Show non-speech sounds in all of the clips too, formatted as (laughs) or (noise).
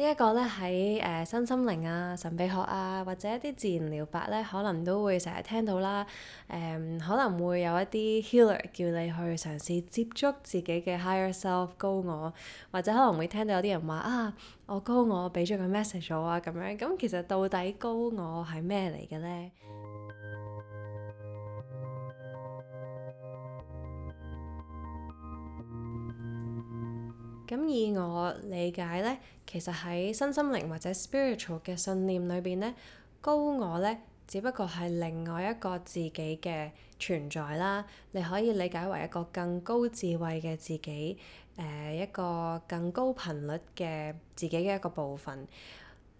呢一個咧喺誒身心靈啊、神秘學啊，或者一啲自然療法咧，可能都會成日聽到啦。誒、呃，可能會有一啲 healer 叫你去嘗試接觸自己嘅 higher self 高我，或者可能會聽到有啲人話啊，我高我俾咗個 message 咗啊咁樣。咁、嗯、其實到底高我係咩嚟嘅咧？咁以我理解咧，其實喺身心靈或者 spiritual 嘅信念裏邊咧，高我咧，只不過係另外一個自己嘅存在啦。你可以理解為一個更高智慧嘅自己，誒、呃、一個更高頻率嘅自己嘅一個部分。誒、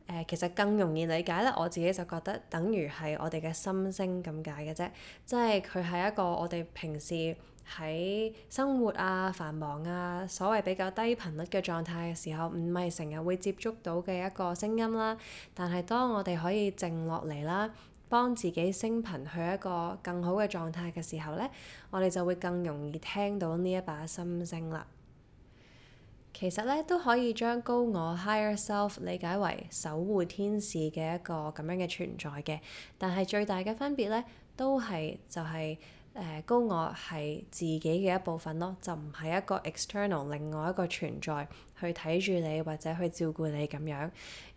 呃，其實更容易理解咧，我自己就覺得等於係我哋嘅心聲咁解嘅啫，即係佢係一個我哋平時，喺生活啊、繁忙啊、所謂比較低頻率嘅狀態嘅時候，唔係成日會接觸到嘅一個聲音啦。但係當我哋可以靜落嚟啦，幫自己升頻去一個更好嘅狀態嘅時候呢，我哋就會更容易聽到呢一把心聲啦。其實呢，都可以將高我 Higher Self 理解為守護天使嘅一個咁樣嘅存在嘅，但係最大嘅分別呢，都係就係、是。誒，高我係自己嘅一部分咯，就唔係一個 external 另外一個存在去睇住你或者去照顧你咁樣。誒、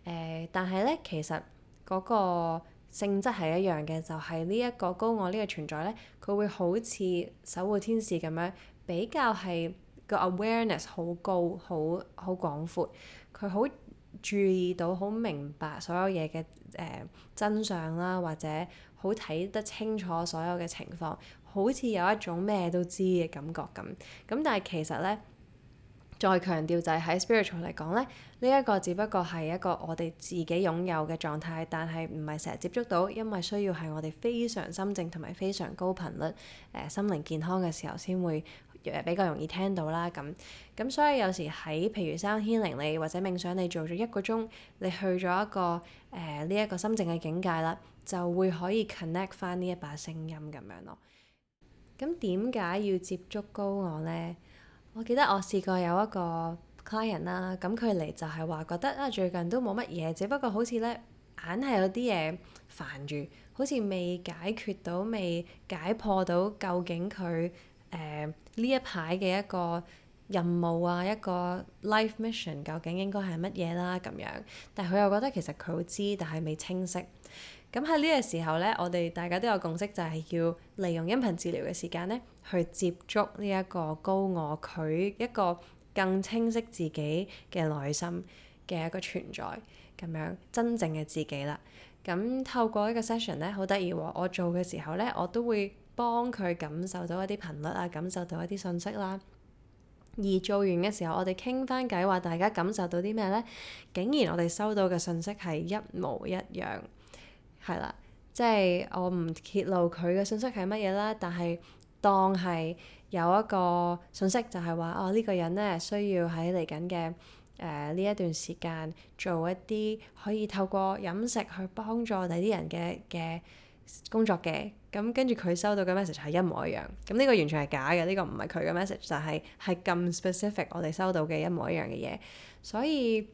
呃，但係咧其實嗰個性質係一樣嘅，就係呢一個高我呢個存在咧，佢會好似守護天使咁樣，比較係個 awareness 好高，好好廣闊，佢好注意到，好明白所有嘢嘅誒真相啦，或者好睇得清楚所有嘅情況。好似有一種咩都知嘅感覺咁，咁但係其實咧，再強調就係喺 spiritual 嚟講咧，呢、這、一個只不過係一個我哋自己擁有嘅狀態，但係唔係成日接觸到，因為需要係我哋非常心靜同埋非常高頻率誒、呃、心靈健康嘅時候先會誒比較容易聽到啦。咁咁所以有時喺譬如 sound healing 你或者冥想你做咗一個鐘，你去咗一個誒呢一個心靜嘅境界啦，就會可以 connect 翻呢一把聲音咁樣咯。咁點解要接觸高我咧？我記得我試過有一個 client 啦，咁佢嚟就係話覺得啊，最近都冇乜嘢，只不過好似咧硬係有啲嘢煩住，好似未解決到、未解破到究竟佢誒呢一排嘅一個任務啊、一個 life mission 究竟應該係乜嘢啦咁樣。但佢又覺得其實佢好知，但係未清晰。咁喺呢個時候咧，我哋大家都有共識，就係要利用音頻治療嘅時間咧，去接觸呢一個高我，佢一個更清晰自己嘅內心嘅一個存在咁樣真正嘅自己啦。咁透過一個呢個 session 咧，好得意喎，我做嘅時候咧，我都會幫佢感受到一啲頻率啊，感受到一啲信息啦。而做完嘅時候，我哋傾翻偈話，大家感受到啲咩咧？竟然我哋收到嘅信息係一模一樣。係啦，即係我唔揭露佢嘅信息係乜嘢啦，但係當係有一個信息就係話哦呢個人咧需要喺嚟緊嘅誒呢一段時間做一啲可以透過飲食去幫助第啲人嘅嘅工作嘅，咁跟住佢收到嘅 message 係一模一樣，咁呢個完全係假嘅，呢個唔係佢嘅 message，但係係咁 specific 我哋收到嘅一模一樣嘅嘢，所以。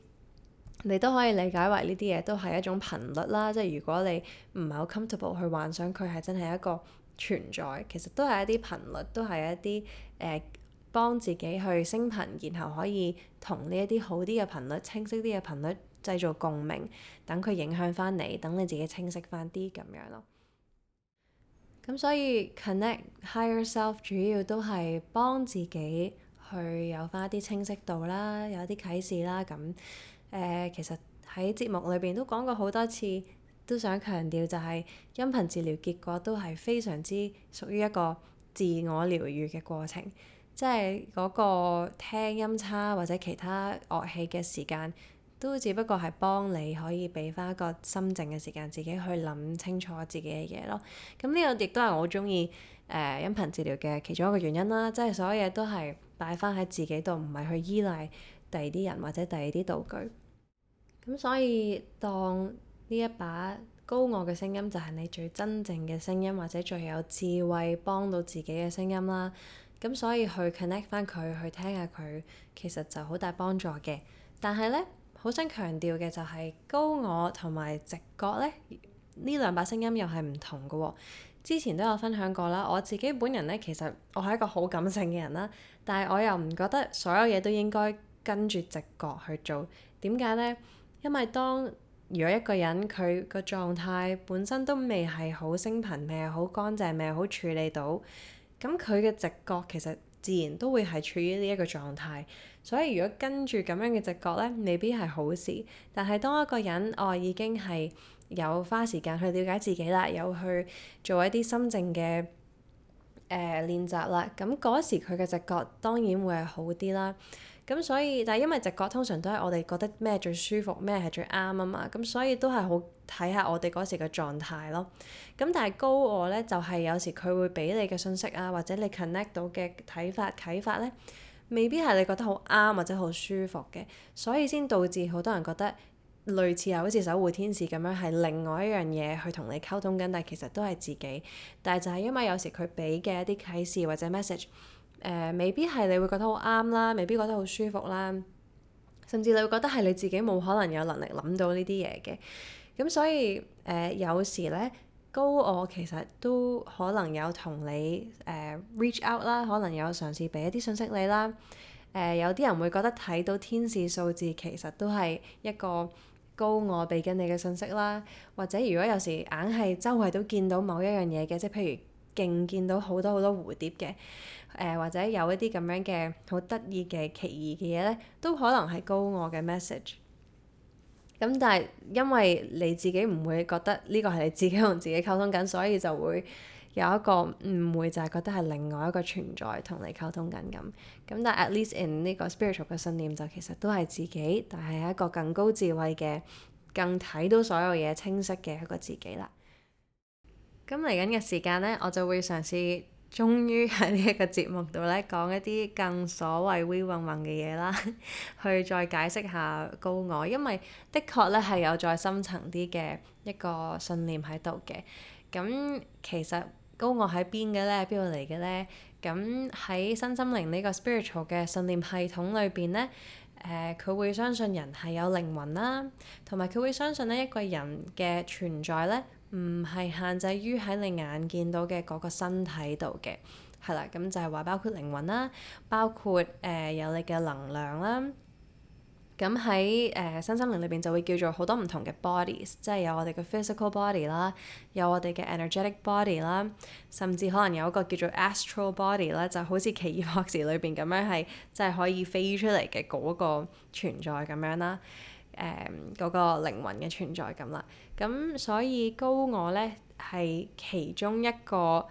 你都可以理解為呢啲嘢都係一種頻率啦，即係如果你唔係好 comfortable 去幻想佢係真係一個存在，其實都係一啲頻率，都係一啲誒幫自己去升頻，然後可以同呢一啲好啲嘅頻率、清晰啲嘅頻率製造共鳴，等佢影響翻你，等你自己清晰翻啲咁樣咯。咁所以 connect higher self 主要都係幫自己去有翻一啲清晰度啦，有一啲啟示啦，咁。誒、呃，其實喺節目裏邊都講過好多次，都想強調就係、是、音頻治療結果都係非常之屬於一個自我療愈嘅過程，即係嗰個聽音叉或者其他樂器嘅時間，都只不過係幫你可以俾翻一個心靜嘅時間，自己去諗清楚自己嘅嘢咯。咁、嗯、呢、這個亦都係我鍾意誒音頻治療嘅其中一個原因啦，即係所有嘢都係擺翻喺自己度，唔係去依賴第二啲人或者第二啲道具。咁所以，當呢一把高我嘅聲音就係你最真正嘅聲音，或者最有智慧幫到自己嘅聲音啦。咁所以去 connect 翻佢，去聽下佢，其實就好大幫助嘅。但係咧，好想強調嘅就係高我同埋直覺咧，呢兩把聲音又係唔同㗎喎。之前都有分享過啦，我自己本人咧，其實我係一個好感性嘅人啦，但係我又唔覺得所有嘢都應該跟住直覺去做。點解咧？因為當如果一個人佢個狀態本身都未係好升頻，未係好乾淨，未係好處理到，咁佢嘅直覺其實自然都會係處於呢一個狀態。所以如果跟住咁樣嘅直覺咧，未必係好事。但係當一個人哦已經係有花時間去了解自己啦，有去做一啲心靜嘅誒練習啦，咁、呃、嗰時佢嘅直覺當然會係好啲啦。咁、嗯、所以，但係因為直覺通常都係我哋覺得咩最舒服，咩係最啱啊嘛，咁、嗯、所以都係好睇下我哋嗰時嘅狀態咯。咁、嗯、但係高我咧，就係、是、有時佢會俾你嘅信息啊，或者你 connect 到嘅睇法、啟發咧，未必係你覺得好啱或者好舒服嘅，所以先導致好多人覺得類似係好似守護天使咁樣，係另外一樣嘢去同你溝通緊，但係其實都係自己。但係就係因為有時佢俾嘅一啲啟示或者 message。誒、呃，未必係你會覺得好啱啦，未必覺得好舒服啦，甚至你會覺得係你自己冇可能有能力諗到呢啲嘢嘅。咁所以誒、呃，有時咧，高我其實都可能有同你誒、呃、reach out 啦，可能有嘗試俾一啲信息你啦。誒、呃，有啲人會覺得睇到天使數字其實都係一個高我俾緊你嘅信息啦，或者如果有時硬係周圍都見到某一樣嘢嘅，即係譬如勁見到好多好多蝴蝶嘅。誒或者有一啲咁樣嘅好得意嘅奇異嘅嘢咧，都可能係高我嘅 message。咁但係因為你自己唔會覺得呢個係你自己同自己溝通緊，所以就會有一個誤會，就係覺得係另外一個存在同你溝通緊咁。咁但係 at least in 呢個 spiritual 嘅信念就其實都係自己，但係係一個更高智慧嘅、更睇到所有嘢清晰嘅一個自己啦。咁嚟緊嘅時間咧，我就會嘗試。終於喺呢一個節目度咧，講一啲更所謂 weave 運運嘅嘢啦， (laughs) 去再解釋下高我，因為的確咧係有再深層啲嘅一個信念喺度嘅。咁其實高我喺邊嘅咧？邊度嚟嘅咧？咁喺身心靈呢個 spiritual 嘅信念系統裏邊咧，誒、呃、佢會相信人係有靈魂啦，同埋佢會相信咧一個人嘅存在咧。唔係限制於喺你眼見到嘅嗰個身體度嘅，係啦，咁就係話包括靈魂啦，包括誒、呃、有你嘅能量啦，咁喺誒身心靈裏邊就會叫做好多唔同嘅 bodies，即係有我哋嘅 physical body 啦，有我哋嘅 energetic body 啦，甚至可能有一個叫做 astral body 咧，就好似奇異博士裏邊咁樣係，即係可以飛出嚟嘅嗰個存在咁樣啦。誒嗰、嗯那個靈魂嘅存在咁啦，咁所以高我咧，係其中一個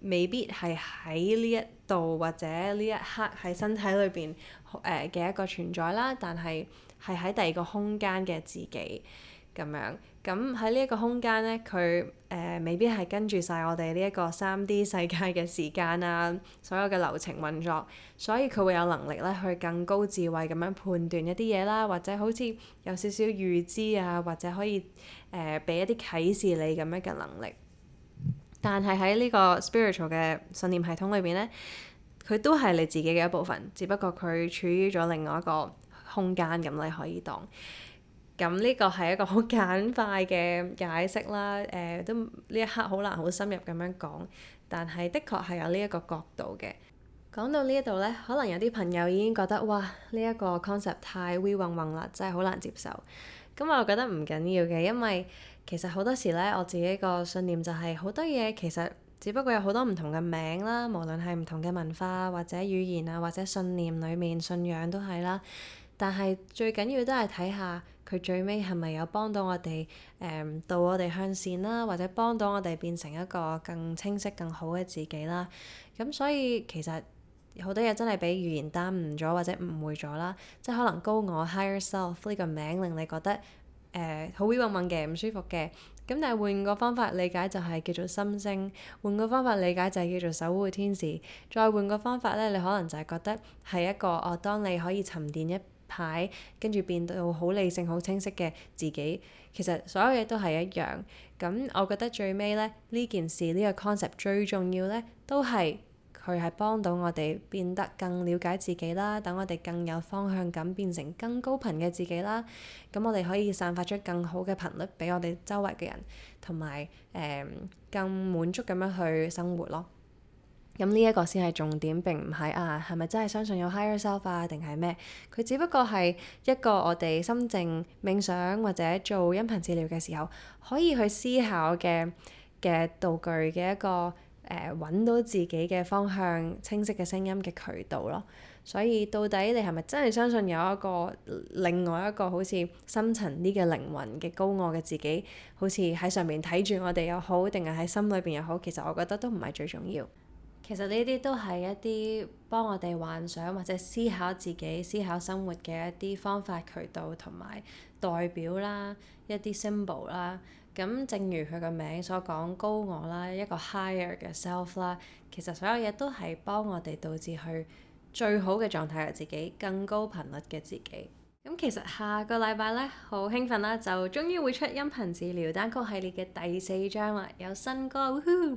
未必係喺呢一度或者呢一刻喺身體裏邊誒嘅一個存在啦，但係係喺第二個空間嘅自己咁樣。咁喺呢一個空間呢，佢誒、呃、未必係跟住晒我哋呢一個三 D 世界嘅時間啊，所有嘅流程運作，所以佢會有能力咧去更高智慧咁樣判斷一啲嘢啦，或者好似有少少預知啊，或者可以誒俾、呃、一啲啟示你咁樣嘅能力。但係喺呢個 spiritual 嘅信念系統裏邊呢，佢都係你自己嘅一部分，只不過佢處於咗另外一個空間，咁你可以當。咁呢個係一個好簡快嘅解釋啦。誒、呃，都呢一刻好難好深入咁樣講，但係的確係有呢一個角度嘅。講到呢一度咧，可能有啲朋友已經覺得哇，呢、這、一個 concept 太 woo woo 啦，真係好難接受。咁我覺得唔緊要嘅，因為其實好多時咧，我自己個信念就係、是、好多嘢其實只不過有好多唔同嘅名啦，無論係唔同嘅文化或者語言啊，或者信念裡面信仰都係啦。但係最緊要都係睇下。佢最尾係咪有幫到我哋？誒、嗯、導我哋向善啦，或者幫到我哋變成一個更清晰、更好嘅自己啦。咁、啊、所以其實好多嘢真係俾語言耽誤咗，或者誤會咗啦。即係可能高我 higher self 呢個名令你覺得誒好鬱鬱悶嘅、唔、呃、舒服嘅。咁但係換個方法理解就係叫做心聲，換個方法理解就係叫做守護天使。再換個方法咧，你可能就係覺得係一個哦，當你可以沉澱一睇跟住變到好理性、好清晰嘅自己。其實所有嘢都係一樣。咁我覺得最尾咧，呢件事呢，呢個 concept 最重要咧，都係佢係幫到我哋變得更了解自己啦。等我哋更有方向感，變成更高頻嘅自己啦。咁我哋可以散發出更好嘅頻率俾我哋周圍嘅人，同埋誒更滿足咁樣去生活咯。咁呢一個先係重點，並唔係啊，係咪真係相信有 higher self 啊？定係咩？佢只不過係一個我哋心靜冥想或者做音頻治療嘅時候可以去思考嘅嘅道具嘅一個誒、呃、揾到自己嘅方向、清晰嘅聲音嘅渠道咯。所以到底你係咪真係相信有一個另外一個好似深層啲嘅靈魂嘅高我嘅自己，好似喺上面睇住我哋又好，定係喺心裏邊又好？其實我覺得都唔係最重要。其實呢啲都係一啲幫我哋幻想或者思考自己，思考生活嘅一啲方法、渠道，同埋代表啦，一啲 symbol 啦，咁正如佢個名所講，高我啦，一個 higher 嘅 self 啦，其實所有嘢都係幫我哋導致去最好嘅狀態嘅自己，更高頻率嘅自己。咁其實下個禮拜咧，好興奮啦，就終於會出音頻治療單曲系列嘅第四張啦，有新歌。咁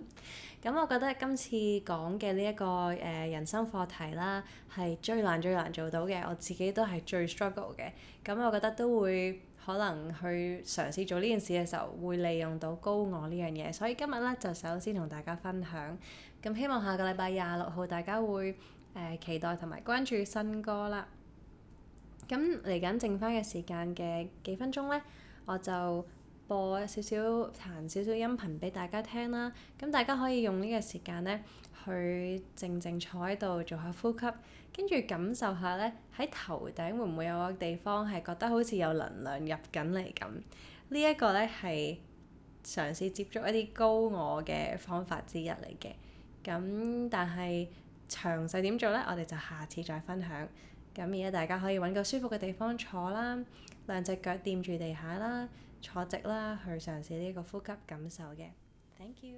我覺得今次講嘅呢一個誒、呃、人生課題啦，係最難最難做到嘅，我自己都係最 struggle 嘅。咁我覺得都會可能去嘗試做呢件事嘅時候，會利用到高我呢樣嘢。所以今日咧就首先同大家分享。咁希望下個禮拜廿六號大家會、呃、期待同埋關注新歌啦。咁嚟緊，剩翻嘅時間嘅幾分鐘呢，我就播少少彈少少音頻俾大家聽啦。咁大家可以用呢個時間呢，去靜靜坐喺度做下呼吸，跟住感受下呢，喺頭頂會唔會有個地方係覺得好似有能量入緊嚟咁？呢一個呢，係嘗試接觸一啲高我嘅方法之一嚟嘅。咁但係詳細點做呢？我哋就下次再分享。咁而家大家可以揾個舒服嘅地方坐啦，兩隻腳掂住地下啦，坐直啦，去嘗試呢個呼吸感受嘅。Thank you.